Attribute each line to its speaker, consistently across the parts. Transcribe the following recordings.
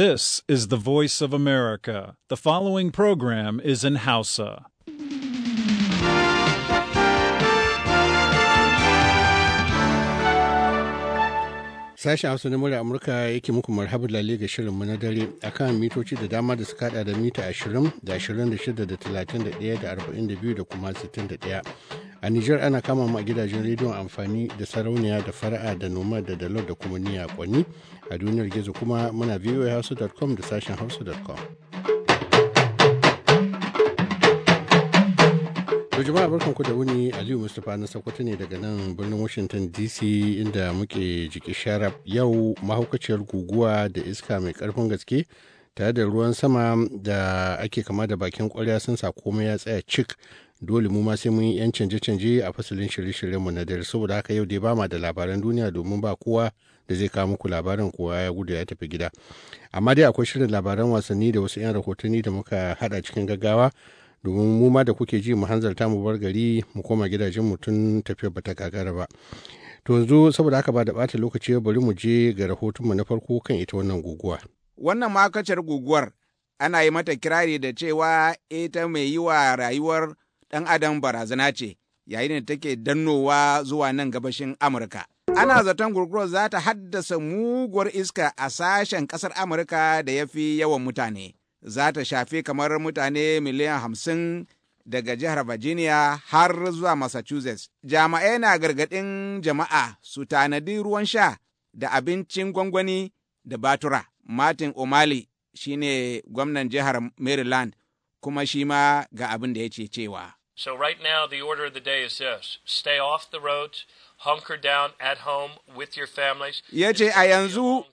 Speaker 1: This is the voice of America. The following program is in Hausa.
Speaker 2: Sashen Hausa na murya Amurka yake muku marhaba lalle ga shirinmu na dare akan mitoci da dama da suka hada da mita 20 da 26 da 31 da 42 da kuma 61. a Nijar ana kama mu a gidajen rediyon amfani da sarauniya da fara'a da noma da dalo da kuma niya kwanni a duniyar gizo kuma muna voahouse.com da sashen hausa.com To jama'a barkan ku da wuni Aliyu Mustapha na Sokoto ne daga nan birnin Washington DC inda muke jiki sharaf yau mahaukaciyar guguwa da iska mai karfin gaske tare da ruwan sama da ake kama da bakin kwarya sun sa komai ya tsaya cik dole mu ma sai mun yi 'yan canje-canje a fasalin shirye-shiryenmu na dare saboda haka yau dai ba ma da labaran duniya domin ba kowa da zai kawo muku labarin kowa ya gudu ya tafi gida amma dai akwai shirin labaran wasanni da wasu 'yan rahotanni da muka hada cikin gaggawa domin mu ma da kuke ji mu hanzarta mu bar gari mu koma gidajen mu tun tafiyar bata kakara ba to yanzu saboda haka ba da bata lokaci bari mu je ga rahotonmu na farko kan ita wannan guguwa
Speaker 3: wannan makacar guguwar ana yi mata kirari da cewa ita mai yi wa rayuwar ɗan adam barazana ce yayin da take dannowa zuwa nan gabashin Amurka. Ana zaton gurguro za ta haddasa muguwar iska a sashen ƙasar Amurka da ya fi yawan mutane. Za ta shafi kamar mutane miliyan hamsin daga jihar Virginia har zuwa Massachusetts. Jama'ai na gargaɗin jama'a su tanadi ruwan sha da abincin gwangwani da batura. Martin O'mali shine gwamnan jihar Maryland kuma shi ma ga abin da ya ce cewa.
Speaker 4: So, right now, the order of the day is this stay off the roads, hunker down at home with your families.
Speaker 1: Ya ce
Speaker 3: a yanzu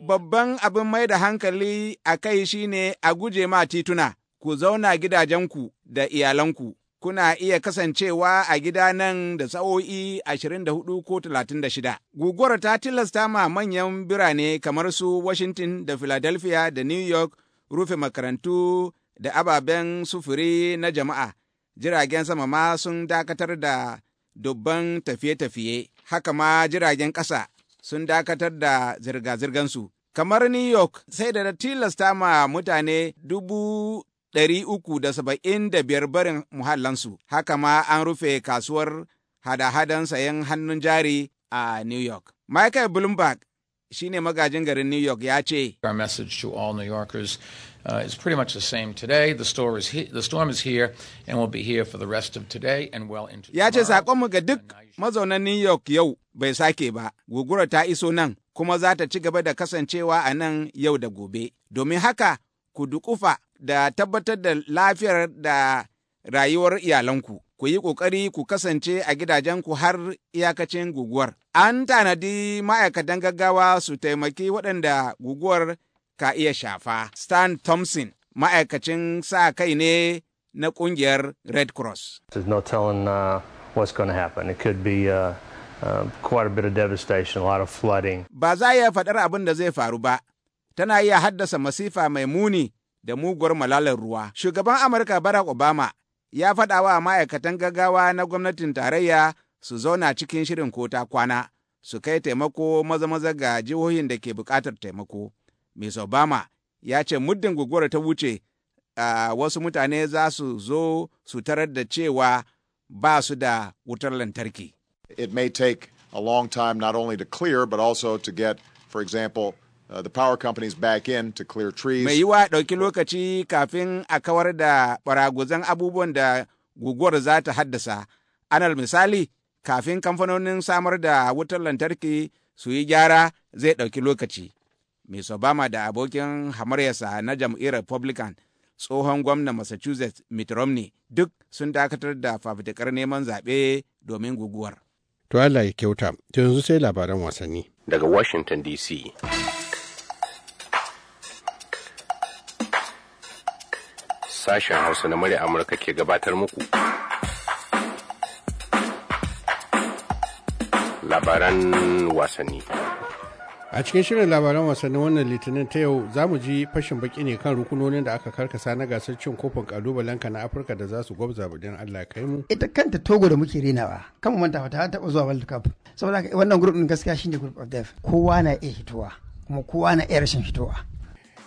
Speaker 3: babban abin mai da hankali a kai shine a guje ma tituna, ku zauna gidajenku da iyalanku. Kuna iya kasancewa a gida nan da sa'o'i ashirin hudu ko talatin shida. Guguwar ta tilasta ma manyan birane kamar su Washington da Philadelphia da New York rufe makarantu da ababen sufuri na jama'a. jiragen sama ma sun dakatar da dubban tafiye-tafiye, haka ma jiragen ƙasa sun dakatar da zirga-zirgansu. Kamar New York sai da tilasta ma mutane dubu ɗari uku da saba'in da biyar barin muhallansu, haka ma an rufe kasuwar hada-hadan sayan hannun jari a New York. Michael Bloomberg shi ne magajin garin New York ya ce, Our to all New uh, is pretty much the same today. The, is he- the storm is here and will be here for the rest of today and well into Ya ce mu ga duk mazaunan New York yau bai sake ba, guguwar ta iso nan kuma za ta ci gaba da kasancewa a nan yau da gobe. Domin haka ku dukufa da tabbatar da lafiyar da rayuwar iyalanku. ku yi ƙoƙari ku kasance a gidajenku har iyakacin guguwar. An tanadi ma'aikatan gaggawa su taimaki waɗanda guguwar ka iya shafa. Stan Thompson, ma'aikacin sa kai ne na ƙungiyar Red Cross.
Speaker 2: There's no telling uh, what's going to happen. It could be uh, uh, quite a bit of devastation, a lot of flooding.
Speaker 3: Ba za iya faɗar abin da zai faru ba. Tana iya haddasa masifa mai muni da muguwar malalar ruwa. Shugaban Amurka Barack Obama ya faɗa wa ma'aikatan gaggawa na gwamnatin tarayya su zauna cikin shirin kota kwana, su kai taimako maza-maza ga jihohin da ke buƙatar taimako. Ms. Obama ya ce muddin guguwar ta wuce uh, wasu mutane za su zo su tarar da cewa ba su da wutar lantarki. It may take a long
Speaker 5: time not only to clear but also to get, for example, uh, the power companies back in to clear trees. Mai
Speaker 3: yiwa ɗauki lokaci kafin a kawar da baraguzan abubuwan da guguwar za ta haddasa. Anal misali, kafin kamfanonin samar da wutar lantarki su yi gyara zai ɗauki lokaci. Miss Obama da abokin hamaryarsa na jam'iyyar Republican tsohon gwamnan Massachusetts Mitt Romney duk sun dakatar da fafutukar neman zaɓe domin guguwar.
Speaker 2: To Allah ya kyauta, yanzu sai labaran wasanni. Daga Washington DC. Sashen Hausa na murya Amurka ke gabatar muku. Labaran wasanni. a cikin shirin labaran wasannin wannan litinin ta yau za mu ji fashin baki ne kan rukunonin da aka karkasa na gasar cin kofin kalubalenka na afirka da za su gwabza budin allah kai mu ita kanta togo da muke renawa kan mu manta ta taba zuwa world cup saboda
Speaker 6: wannan group din gaskiya shine group of death kowa na iya hitowa kuma kowa na iya rashin fitowa.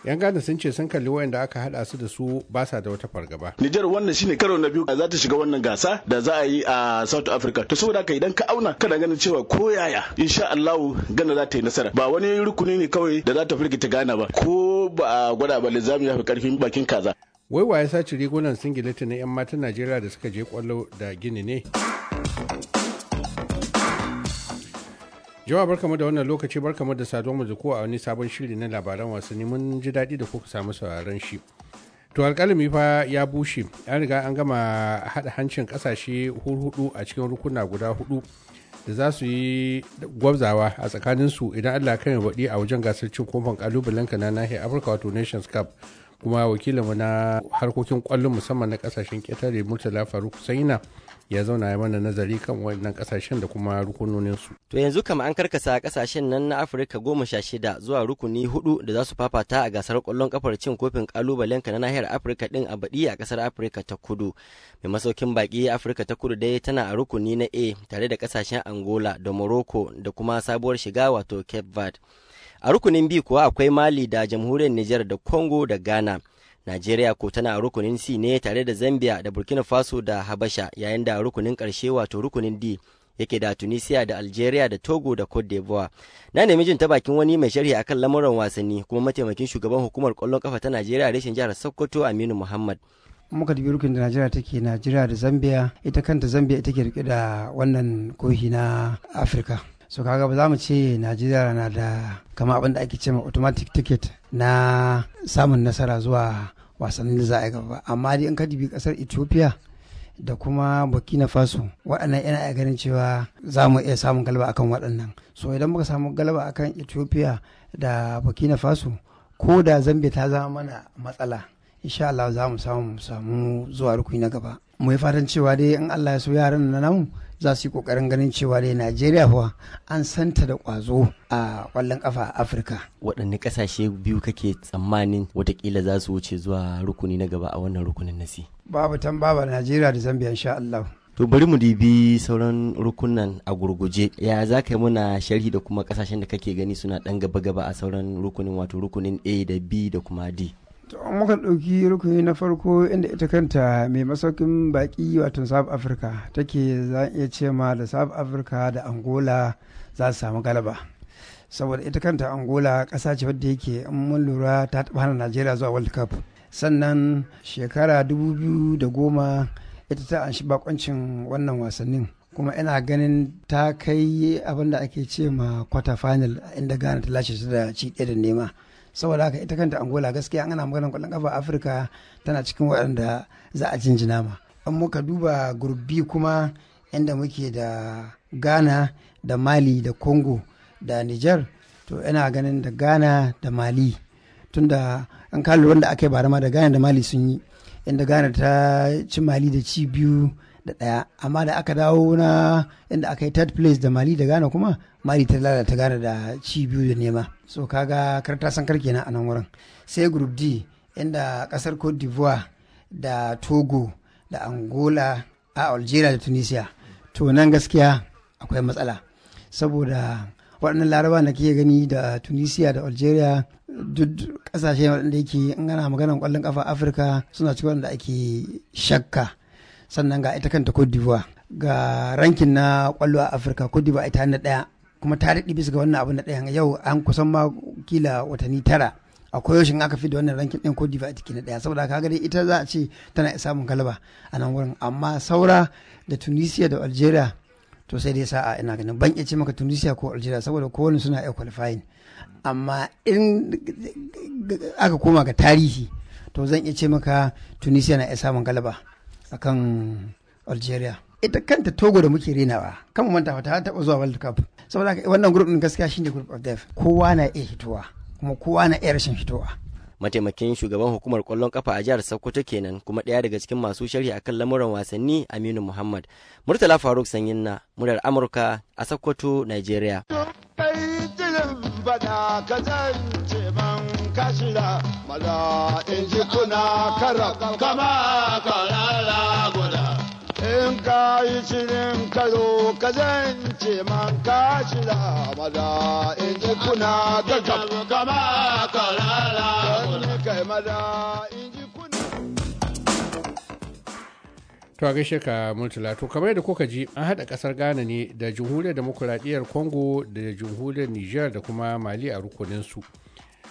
Speaker 2: yan gada sun ce sun kalli wayan da aka hada su da su ba sa da wata fargaba
Speaker 7: Nijar wannan shine karo na biyu za ta shiga wannan gasa da za a yi a South Africa to saboda ka idan ka auna kana ganin cewa ko yaya insha Allah gana za ta yi nasara ba wani rukuni ne kawai da za ta firgita gana ba ko ba a gwada ba lizami ya fi karfin bakin kaza
Speaker 2: wai waye sace rigunan singileti na yan matan Najeriya da suka je kwallo da Gini ne Jawa barkamu da wannan lokaci barkamu da saduwa mu da a wani sabon shiri na labaran wasanni mun ji daɗi da kuka samu sauraron shi. To alƙalami fa ya bushe an riga an gama haɗa hancin ƙasashe hudu a cikin rukuna guda hudu da za su yi gwabzawa a tsakanin su idan Allah kan ya baɗi a wajen gasar cin kofin ka na nahiyar Afirka wato Nations Cup kuma wakilinmu na harkokin ƙwallon musamman na kasashen ƙetare Murtala Faruk Saina ya zauna ya mana nazari kan wannan kasashen da kuma rukunoninsu.
Speaker 5: To yanzu kama an karkasa kasashen nan na Afirka goma sha shida zuwa rukuni hudu da za su fafata a gasar kwallon kafar cin kofin kalubalen na nahiyar Afirka din a baɗi a kasar Afirka ta kudu. Mai masaukin baki Afirka ta kudu dai tana a rukuni na A tare da kasashen Angola da Morocco da kuma sabuwar shiga wato Cape Verde. A rukunin B kuwa akwai Mali da jamhuriyar Nijar da Congo da Ghana. Najeriya ko tana rukunin C ne tare da Zambia da Burkina Faso da Habasha yayin da rukunin karshe wato rukunin D yake da Tunisia da Algeria da Togo da Cote d'Ivoire. Na nemi jin ta bakin wani mai sharhi akan lamuran wasanni kuma mataimakin shugaban hukumar kwallon kafa ta Najeriya reshen jihar Sokoto Aminu Muhammad.
Speaker 6: muka dubi rukunin da najeriya take najeriya da zambia ita kanta zambia ita ke rike da wannan kohi na afirka so kaga ba za mu ce najeriya na da kama abin da ake cewa automatic ticket na samun nasara zuwa wasannin da za a gaba amma dai in ka dubi kasar ethiopia da kuma burkina faso waɗannan yana iya ganin cewa za mu iya samun galaba akan waɗannan so idan muka samu galaba akan ethiopia da burkina faso ko da zambia ta zama mana matsala insha Allah za mu samu samu zuwa rukuni na gaba mu yi fatan cewa dai in Allah ya so yaran na namu za su yi kokarin ganin cewa dai najeriya fa an santa da kwazo a kwallon kafa a afirka
Speaker 5: waɗanne ƙasashe biyu kake tsammanin watakila za su wuce zuwa rukuni na gaba a wannan rukunin nasi
Speaker 6: babu tambaba najeriya da zambia insha allah
Speaker 5: To bari mu dibi sauran rukunan a gurguje. Ya za ka yi muna sharhi da kuma kasashen da kake gani suna ɗan gaba-gaba a sauran rukunin wato rukunin A da B da kuma D.
Speaker 6: to muka ɗauki rukuni na farko inda ita kanta mai masaukin baƙi wato south africa take za iya ce ma da south africa da angola za su samu galaba saboda ita kanta angola ƙasa ce wadda yake in mun lura ta taɓa hana najeriya zuwa world cup sannan shekara 2010 ita ta anshi bakoncin wannan wasannin kuma ina ganin ta kai abinda da ake ce ma quarter final inda ghana ta lashe ta da ci da nema saboda haka ita kanta angola gaskiya ana maganar kwallon kafa afirka tana cikin waɗanda za a jinjina ma an muka duba gurbi kuma inda muke da ghana da mali da congo da niger to ina ganin da ghana da mali tunda an kalli wanda aka yi bara ma da ghana da mali sun yi inda ghana ta ci mali da ci biyu da ɗaya amma da aka dawo na inda aka yi third place da mali da ghana kuma mari ta lalata gane da ci biyu da nema so kaga karta san kar na a wurin sai group d inda kasar cote d'ivoire da togo da angola a algeria da tunisia to nan gaskiya akwai matsala saboda waɗannan laraba na ke gani da tunisia da algeria duk ƙasashe waɗanda yake in gana maganar ƙwallon ƙafa afirka suna cikin waɗanda ake shakka sannan ga ita kanta cote d'ivoire ga rankin na ƙwallo a afirka cote d'ivoire ita na ɗaya kuma ta daɗi bisa ga wannan abu na ɗaya. yau an kusan ma kila watanni tara a koyaushin aka fi da wannan rankin ɗin ko diva a ciki na ɗaya saboda ka dai ita za a ce tana samun galaba a nan wurin amma saura da tunisia da algeria to sai dai sa'a ina ganin ban iya ce maka tunisia ko algeria saboda kowane suna iya kwalifayin. amma in aka koma ga tarihi to zan iya ce maka tunisia na iya samun galaba akan algeria ita kanta togo da muke renawa mu manta ta taba zuwa world cup saboda haka wannan group din gaskiya shine group of death kowa na iya hitowa kuma kowa na iya rashin hitowa
Speaker 5: mataimakin shugaban hukumar kwallon kafa a jihar sokoto kenan kuma ɗaya daga cikin masu sharhi akan lamuran wasanni aminu muhammad murtala faruk sanyin na murar amurka a sokoto nigeria
Speaker 4: maza in ji kuna kara kama karara ka yi shirin karo ka zance man ka shira mada in ji kuna ga gaba karara kai mada in ji
Speaker 2: To a gaishe ka Murtala to kamar da kuka ji an haɗa ƙasar Ghana ne da Jamhuriyar Demokuraɗiyyar Congo da Jamhuriyar Nijar da kuma Mali a rukuninsu. su.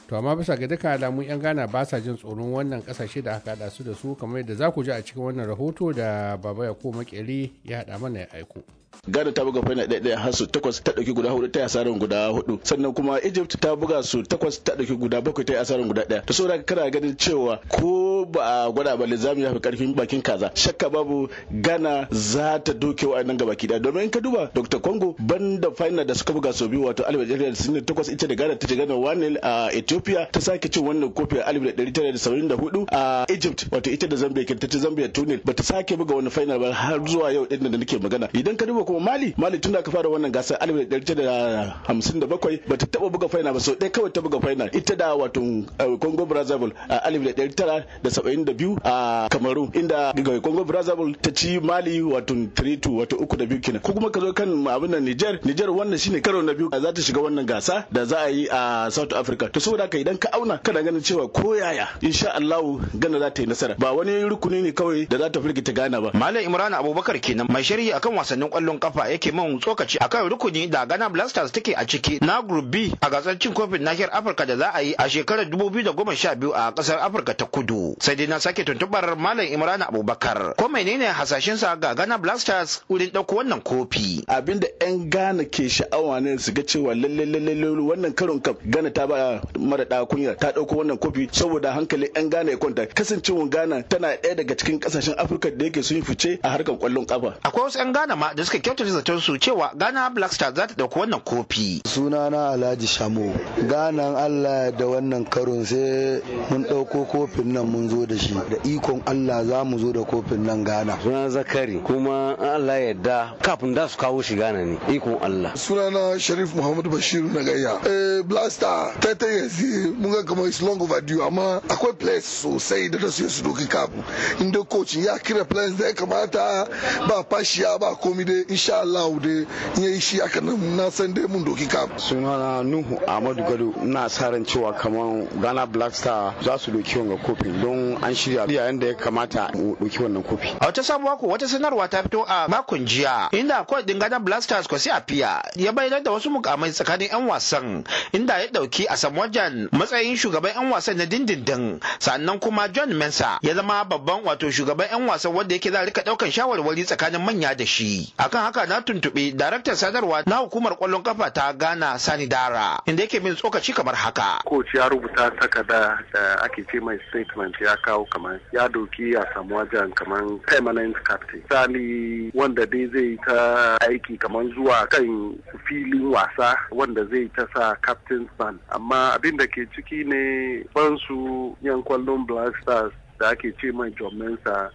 Speaker 2: to amma bisa ga duka alamun yan gana ba sa jin tsoron wannan kasashe da aka haɗa su da su kamar yadda za ku ji a cikin wannan rahoto da baba ya ko makeri ya haɗa mana ya aiko
Speaker 7: Ghana ta buga final ɗaya ɗaya hasu takwas ta ɗauki guda hudu ta yi asarar guda hudu sannan kuma Egypt ta buga su takwas ta ɗauki guda bakwai ta yi asarar guda ɗaya to saboda kana ganin cewa ko ba a gwada ba linzami zamu yafi karfin bakin kaza shakka babu Ghana za ta doke wa'annan gabaki ɗaya domin ka duba Dr. Congo banda final da suka buga sau biyu wato alif da ɗari takwas ita da Ghana ta Ghana wani a Ethiopia ta sake cin wannan kofi a alif da ɗari tara da saba'in da hudu a Egypt wato ita da Zambia ta ci Zambia Tunis ba ta sake buga wani final ba har zuwa yau ɗin da nake magana idan ka duba kuma mali mali tun da aka fara wannan gasar alif da da hamsin da bakwai ba ta taɓa buga final ba sau ɗaya kawai ta buga final ita da wato eh, congo brazzaville a eh, alif da ɗari tara da saba'in da biyu a kamaru inda congo brazzaville ta ci mali wato 3-2 wato uku da biyu kenan ko kuma ka zo kan abin nan niger niger wannan shine karo na biyu za ta shiga wannan gasa da za a yi a south africa to saboda haka idan ka auna kana ganin cewa ko yaya insha allahu gana za ta yi nasara ba wani rukuni ne kawai da za ta firgita gana ba malam
Speaker 4: imran abubakar kenan mai sharhi akan wasannin kwallon bugun kafa yake man tsokaci akan rukuni da Ghana Blasters take a ciki na Group B a gasar cin kofin nahiyar Afirka da za a yi a shekarar da 2012 a kasar Afirka ta Kudu. Sai dai na sake tuntubar Malam Imran Abubakar. Ko menene hasashen
Speaker 7: sa ga Ghana Blasters wurin dauko wannan kofi? Abinda 'yan gana ke sha'awa ne su ga cewa lalle lalle wannan karon kaf Ghana ta ba mara da kunya ta ɗauko wannan kofi saboda hankali 'yan gana ya kwanta. Kasancewar gana tana ɗaya daga cikin kasashen Afirka da yake sun fice a harkar kwallon kafa.
Speaker 4: Akwai wasu 'yan Ghana ma da suka suka kyautata zaton su cewa Ghana Black star za ta dauki wannan
Speaker 7: kofi. Sunana Alhaji Shamo. Ghana Allah da wannan karon sai mun dauko kofin nan mun zo da shi. Da ikon Allah za mu zo da kofin nan Ghana. Suna Zakari kuma Allah yadda kafin da su kawo shi Ghana ne ikon Allah. Sunana Sharif Muhammad Bashir na gaya Eh Black Star ta ta yanzu mun ga kamar is long overdue amma akwai place sosai da su su doki kafin. Inda coach ya kira place da ya kamata ba fashiya ba komi dai insha Allah da yi shi aka nan na san dai mun doki ka sunana Nuhu Amadu Gado ina sa ran cewa kamar Ghana Black Star za su doki wannan kofin don an shirya yayin da ya kamata mu doki wannan kofi a wata sabuwa ko wata
Speaker 4: sanarwa ta fito a makon jiya inda ko din Ghana Black Stars kwasi a fiya ya bayyana da wasu mukamai tsakanin yan wasan inda ya dauki a Samojan, matsayin shugaban yan wasan na dindindin sannan kuma John Mensa ya zama babban wato shugaban yan wasan wanda yake za rika daukan shawarwari tsakanin manya da shi akan haka na tuntuɓi daraktan sadarwa na hukumar kwallon kafa ta Gana Sani Dara inda yake min tsokaci kamar haka.
Speaker 7: Coach ya rubuta takarda da
Speaker 2: ake ce mai statement ya kawo kamar ya doki ya samu wajen kamar permanent captain. Sani wanda dai zai ta aiki kamar zuwa kan filin wasa wanda zai ta sa captain band amma abin da ke ciki ne bansu yan kwallon stars da ake ce mai jomensa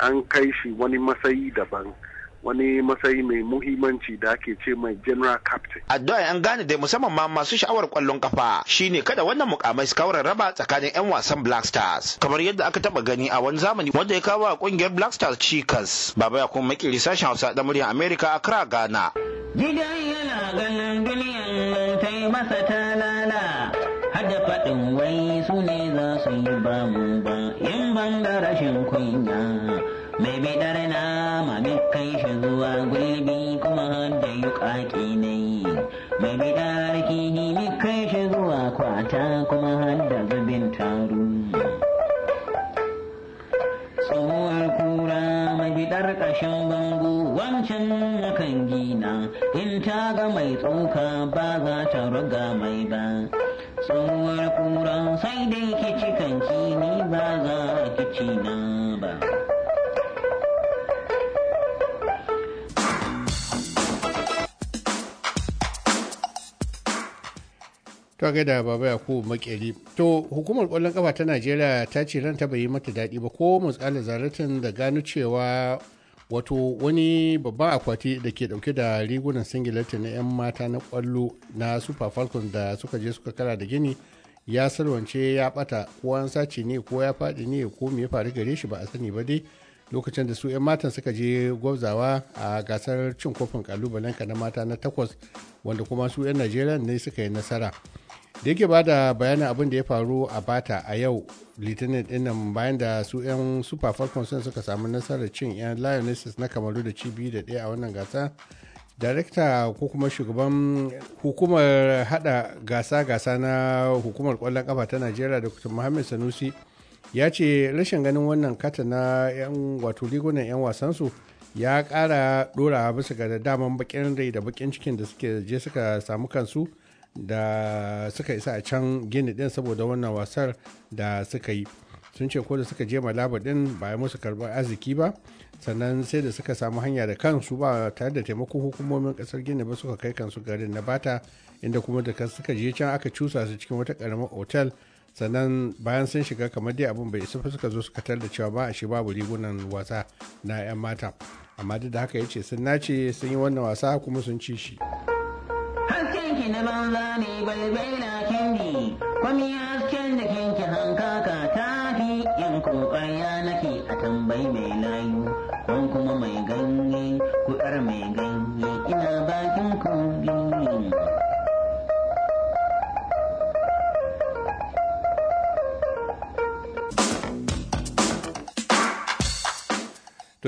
Speaker 2: an kai shi wani matsayi daban wani matsayi mai muhimmanci da ake ce mai general captain.
Speaker 4: Addu'a an gane dai musamman ma masu sha'awar kwallon kafa shine kada wannan mukamai su kawar raba tsakanin 'yan wasan Black Stars. Kamar yadda aka taba gani a wani zamani wanda ya kawo kungiyar Black Stars cikas. Baba ya kuma makiri sashen Hausa da muryar America a Accra, Ghana.
Speaker 5: Gidan yana ganin duniyan nan ta yi masa talala. Hada faɗin wai su ne za su yi ba mu ba, in ban da rashin kunya. Mai biɗar dare nama duk kai shi zuwa gulbi kuma hadda yi ƙaƙi ne mai bai bai dare kihi kai shi zuwa kwata kuma hada zubin taru tsohuwar kura biɗar ƙashin bango wancan na kan gina in ta ga mai tsoka ba za ta raga mai ba tsohuwar kura sai dai kici kan kini ba za a kici na
Speaker 2: ta ga da baba ku makeri to hukumar kwallon kafa ta najeriya ta ce ranta bai yi mata daɗi ba ko mutsala zaratin da gano cewa wato wani babban akwati da ke dauke da rigunan singileti na 'yan mata na kwallo na super falcons da suka je suka kara da gini ya salwance ya bata ko an sace ne ko ya fadi ne ko me ya faru gare shi ba a sani ba dai lokacin da su 'yan matan suka je gwabzawa a gasar cin kofin kalubalen na mata na takwas wanda kuma su 'yan najeriya ne suka yi nasara da yake da bayanin abin da ya faru a bata a yau litinin dinnan bayan da su 'yan super falcons sun suka samu nasarar cin 'yan lionesses na kamaru da cibi da ɗaya a wannan gasa darekta ko kuma shugaban hukumar hada gasa-gasa na hukumar kwallon kafa ta najeriya da kutum muhammad sanusi ya ce rashin ganin wannan kata na 'yan wato rigunan 'yan wasansu ya kara dora bisa ga daman bakin rai da bakin cikin da suke je suka samu kansu da suka isa a can gini din saboda wannan wasar da suka yi sun ce ko da suka je malaba din ba ya musu karɓar arziki ba sannan sai da suka samu hanya da kansu ba tare da taimakon hukumomin kasar gini ba suka kai kansu garin na bata inda kuma da suka je can aka cusa su cikin wata karamin otal sannan bayan sun shiga kamar dai abin bai isa suka zo suka tar da cewa ba a shi babu rigunan wasa na 'yan mata amma duk da haka ya ce sun nace sun yi wannan wasa kuma sun ci shi.
Speaker 5: Zamzam zani bai bai na kandi, kwami haske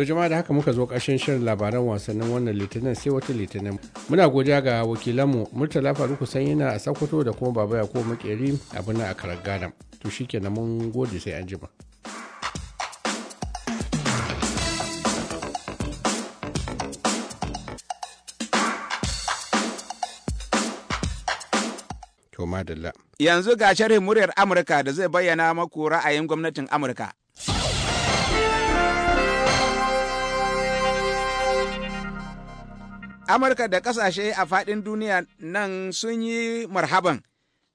Speaker 2: To jama'a da haka muka zo ƙarshen shirin labaran wasannin wannan litinin sai wata litinin. Muna godiya ga wakilanmu Murtala Faruku yana a Sokoto da kuma Baba ya kuma Makeri a karar gada Ghana. To shikenan mun gode sai an jima.
Speaker 3: Yanzu ga sharhin muryar Amurka da zai bayyana maku ra'ayin gwamnatin Amurka. Amurka da ƙasashe a faɗin duniya nan sun yi marhaban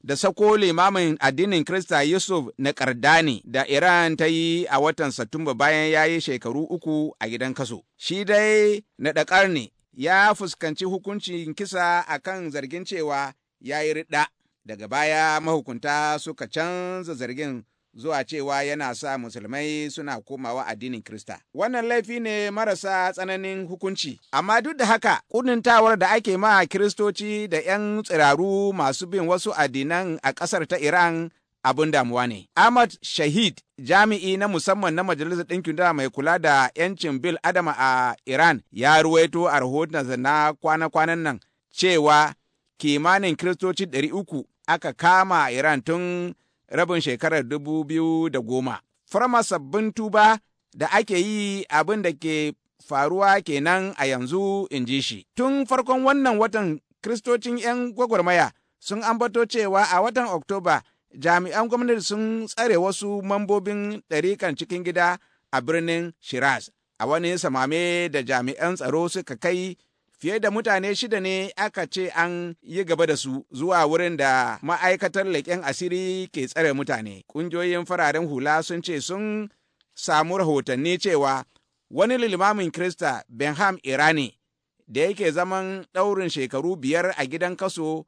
Speaker 3: da sako limamin addinin Krista Yusuf na Kardani da Iran ta yi a watan Satumba bayan ya yi shekaru uku a gidan kaso. Shi dai na ne ya fuskanci hukuncin kisa a kan zargin cewa ya yi riɗa. Daga baya mahukunta suka canza zargin zuwa cewa yana sa musulmai suna komawa addinin Krista. Wannan laifi ne marasa tsananin hukunci, amma duk da haka ƙudintawar da ake ma Kiristoci da 'yan tsiraru masu bin wasu addinan a ƙasar ta Iran abun damuwa ne. Ahmad Shahid jami'i na musamman na Majalisar Ɗinkin Duniya mai kula da 'yancin Bil Adama a Iran ya ruwaito a rahotonsa na kwana-kwanan nan cewa kimanin Kiristoci uku aka kama a Iran tun rabin shekarar dubu biyu da goma. Farma sabbin tuba da ake yi abin da ke faruwa kenan a yanzu in ji shi. Tun farkon wannan watan kristocin 'yan gwagwarmaya sun ambato cewa a watan Oktoba jami'an gwamnati sun tsare wasu mambobin ɗarikan cikin gida a birnin Shiraz a wani samame da jami'an tsaro suka kai fiye da mutane shida ne aka ce an yi gaba da su zuwa wurin da ma'aikatar leƙen asiri ke tsare mutane. Ƙungiyoyin fararen hula sun ce sun samu rahotanni cewa wani limamin Krista Benham Irani da yake zaman ɗaurin shekaru biyar a gidan kaso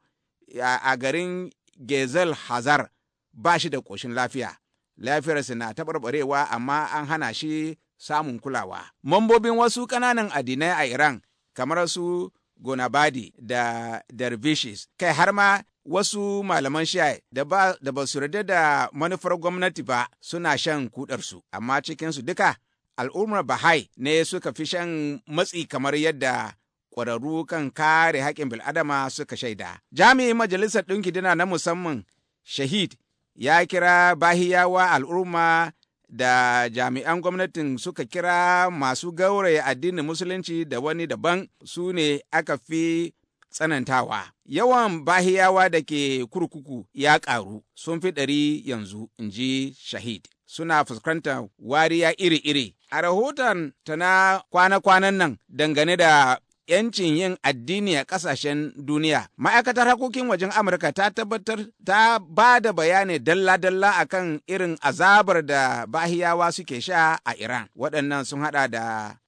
Speaker 3: a garin Gezel Hazar ba shi da ƙoshin lafiya. Lafiyarsa na taɓarɓarewa amma an hana shi samun kulawa. Mambobin wasu ƙananan addinai a Iran kamar su gonabadi da dervishes kai har ma wasu malaman shai da ba su yarda da manufar gwamnati ba suna shan kudarsu amma cikinsu duka al'ummar bahai ne suka fi shan matsi kamar yadda ƙwararru kan kare haƙƙin bil'adama suka shaida jami'in majalisar ɗinki dina na musamman shahid ya kira bahiyawa al'umma da jami'an gwamnatin suka kira masu gauraya addinin musulunci da wani daban su ne aka fi tsanantawa. Yawan bahiyawa da ke kurkuku ya ƙaru sun fi ɗari yanzu, in ji Shahid. Suna fuskantar wariya iri-iri. A rahoton ta na kwana-kwanan nan dangane da 'yancin yin addini a ƙasashen duniya. Ma'aikatar harkokin wajen Amurka ta tabbatar ta ba da bayani dalla-dalla akan irin azabar da bahiyawa suke sha a Iran. Waɗannan sun haɗa da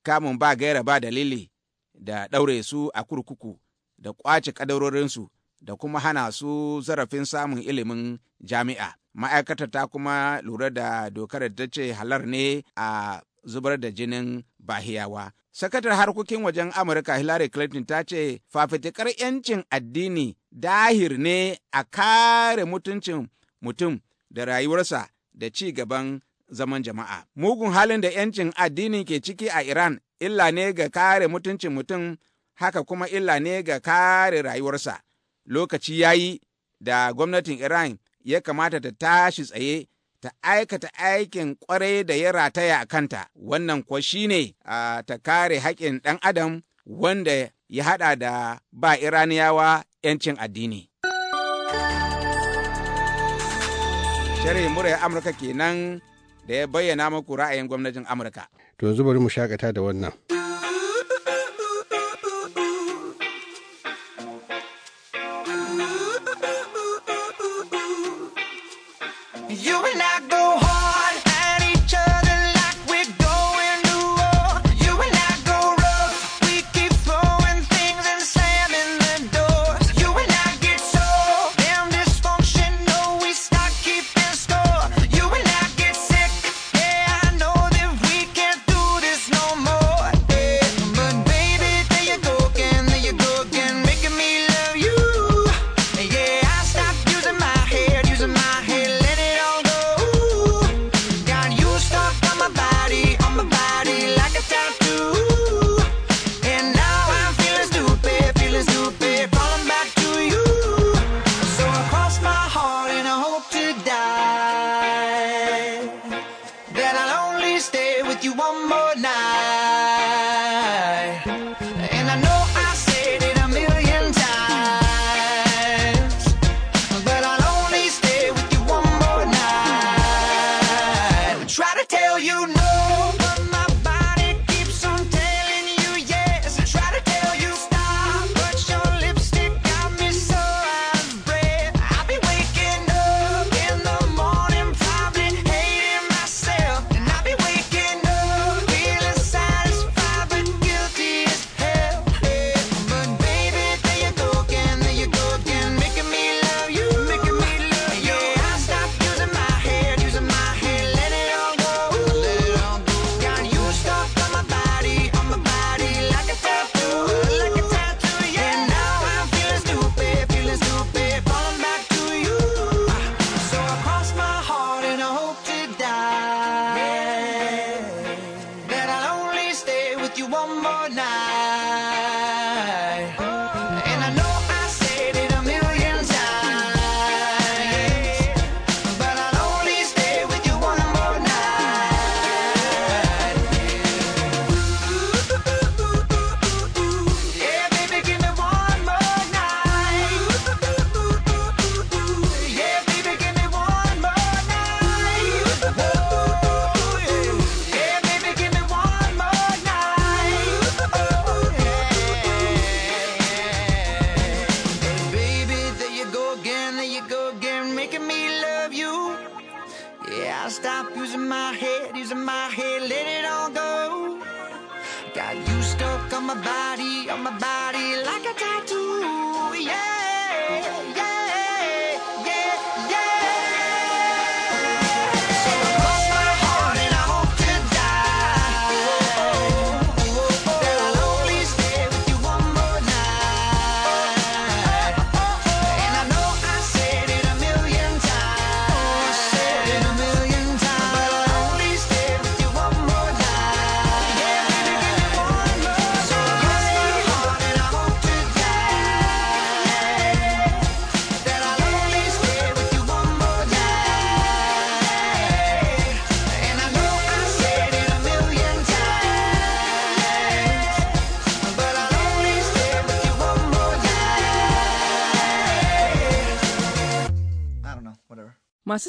Speaker 3: kamun ba gaira ba dalili da ɗaure su a kurkuku da ƙwace ƙadarorinsu da kuma hana su zarafin samun ilimin jami'a. Ma'aikatar ta kuma lura da dokar da ce halar ne a zubar da jinin bahiyawa. Sakatar harkokin wajen Amurka Hillary Clinton ta ce fafitikar 'yancin addini dahir ne a kare mutuncin mutum da rayuwarsa da ci gaban zaman jama'a. Mugun halin da 'yancin addini ke ciki a Iran illa ne ga kare mutuncin mutum haka kuma illa ne ga kare rayuwarsa. Lokaci ya yi da gwamnatin Iran ya kamata ta tashi tsaye ta aikata aikin kwarai da ya rataya a kanta, wannan kuwa shi ne ta kare haƙƙin ɗan adam wanda ya haɗa da ba Iraniyawa ‘yancin addini. Sharhi murayen Amurka kenan da ya bayyana muku ra'ayin gwamnatin Amurka.
Speaker 2: To yanzu bari mu shakata da wannan.
Speaker 1: You and I.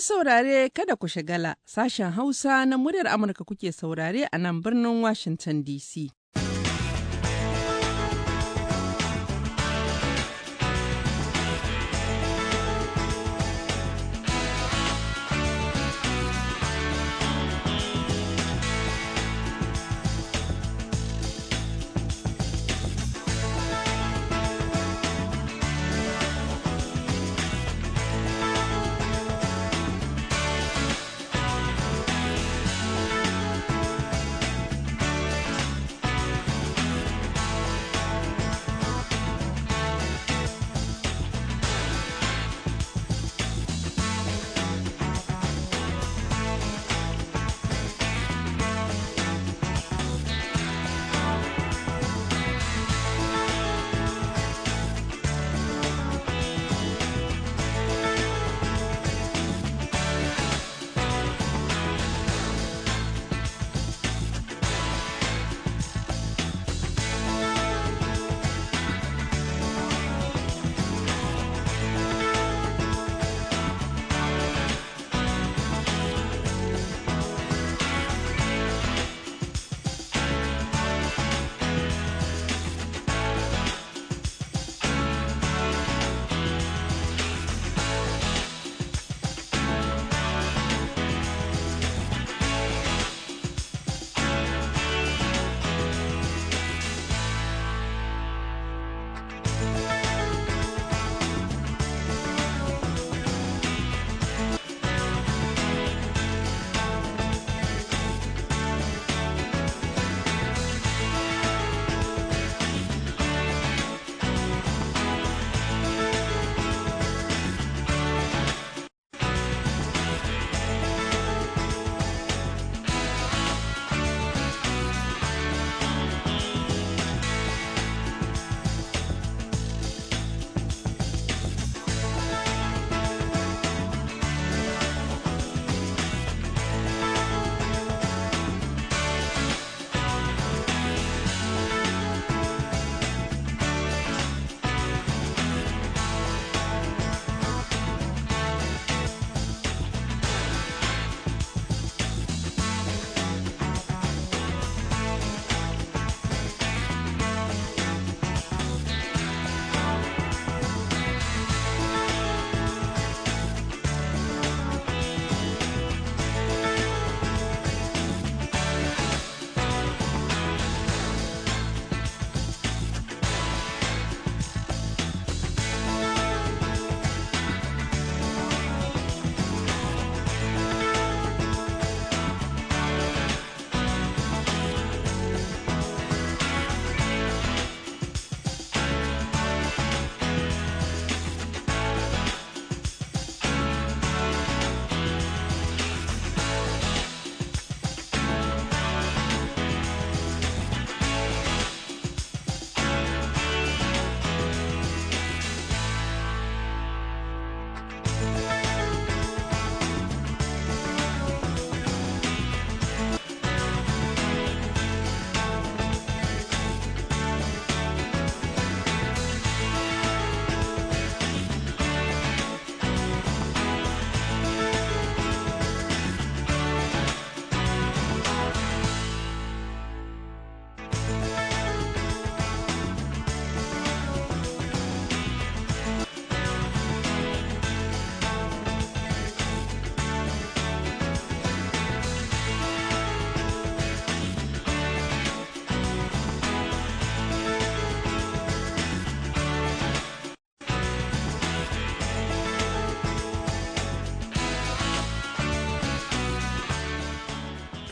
Speaker 1: saurare kada ku shagala, sashen Hausa na muryar Amurka kuke saurare a nan birnin Washington DC.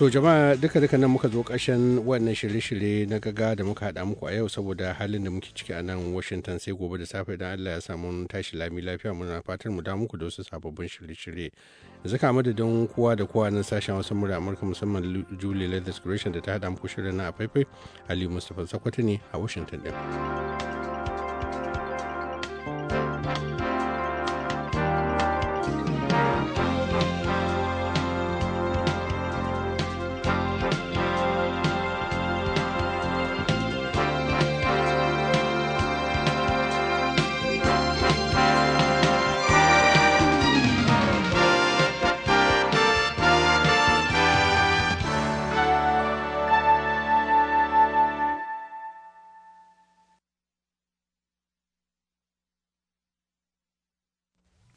Speaker 2: To jama'a duka duka nan muka zo kashen wannan shirye-shirye na gaga da muka haɗa muku a yau saboda halin da muke ciki a nan Washington sai gobe da safe idan Allah ya samu tashi lami lafiya muna fatan mu da muku da wasu sababbin shirye-shirye. Zaka madadin kowa da kowa nan sashen wasu mura Amurka musamman Julie Leathers Creation da ta hada muku shirin na a faifai ali Mustapha sakwatani ne a Washington ɗin.